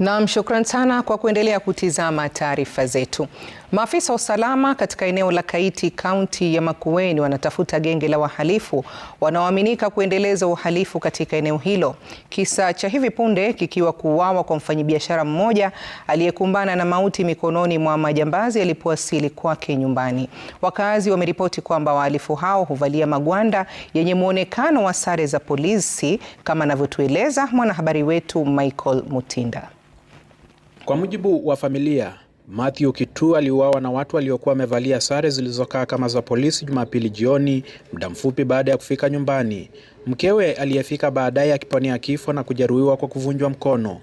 Naam, shukran sana kwa kuendelea kutizama taarifa zetu. Maafisa wa usalama katika eneo la Kaiti, kaunti ya Makueni, wanatafuta genge la wahalifu wanaoaminika kuendeleza uhalifu katika eneo hilo, kisa cha hivi punde kikiwa kuuawa kwa mfanyabiashara mmoja aliyekumbana na mauti mikononi mwa majambazi alipowasili kwake nyumbani. Wakazi wameripoti kwamba wahalifu hao huvalia magwanda yenye mwonekano wa sare za polisi, kama anavyotueleza mwanahabari wetu Michael Mutinda. Kwa mujibu wa familia, Matthew Kitu aliuawa na watu waliokuwa wamevalia sare zilizokaa kama za polisi Jumapili jioni, muda mfupi baada ya kufika nyumbani. Mkewe aliyefika baadaye akiponea kifo na kujeruhiwa kwa kuvunjwa mkono.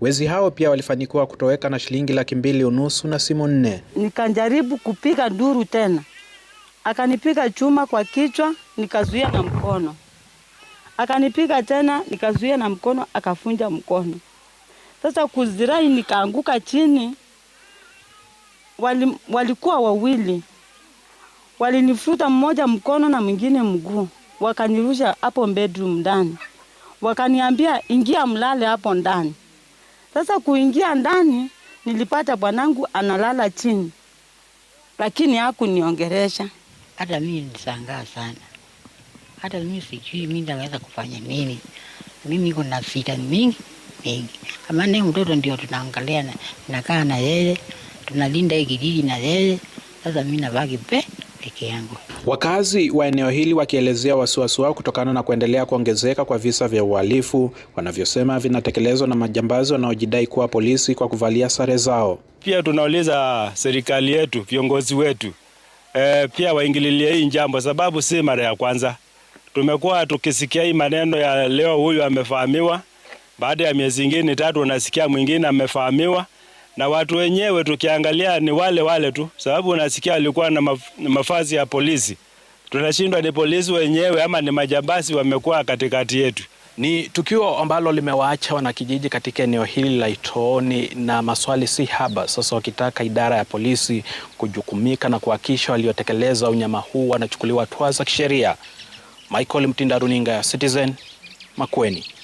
Wezi hao pia walifanikiwa kutoweka na shilingi laki mbili unusu na simu nne. Nikajaribu kupiga nduru tena, akanipiga chuma kwa kichwa, nikazuia na mkono, akanipiga tena, nikazuia na mkono, akafunja mkono sasa kuzirai nikaanguka chini, wali, walikuwa wawili, walinifuta mmoja mkono na mwingine mguu, wakanirusha hapo bedroom ndani, wakaniambia ingia mlale hapo ndani. Sasa kuingia ndani nilipata bwanangu analala chini, lakini hakuniongeresha. Hata mimi nisangaa sana, hata mimi sijui mimi naweza kufanya nini. Mimi niko na vita mingi mengi. Kama ni mtoto ndio tunaangalia na nakaa na yeye, tunalinda kijiji na yeye. Sasa mimi nabaki pe peke yangu. Wakazi wa eneo hili wakielezea wasiwasi wao kutokana na kuendelea kuongezeka kwa visa vya uhalifu wanavyosema vinatekelezwa na majambazi wanaojidai kuwa polisi kwa kuvalia sare zao. Pia tunauliza serikali yetu, viongozi wetu e, pia waingililie hii jambo, sababu si mara ya kwanza tumekuwa tukisikia hii maneno ya leo huyu amefahamiwa baada ya miezi ingine tatu unasikia mwingine amefahamiwa, na watu wenyewe tukiangalia ni wale wale tu, sababu unasikia alikuwa na maf mafazi ya polisi. Tunashindwa ni polisi wenyewe ama ni majambazi wamekuwa katikati yetu. Ni tukio ambalo limewaacha wanakijiji katika eneo hili la Itooni na maswali si haba, sasa wakitaka idara ya polisi kujukumika na kuhakikisha waliotekeleza unyama huu wanachukuliwa hatua za kisheria. Michael Mtinda, runinga ya Citizen, Makueni.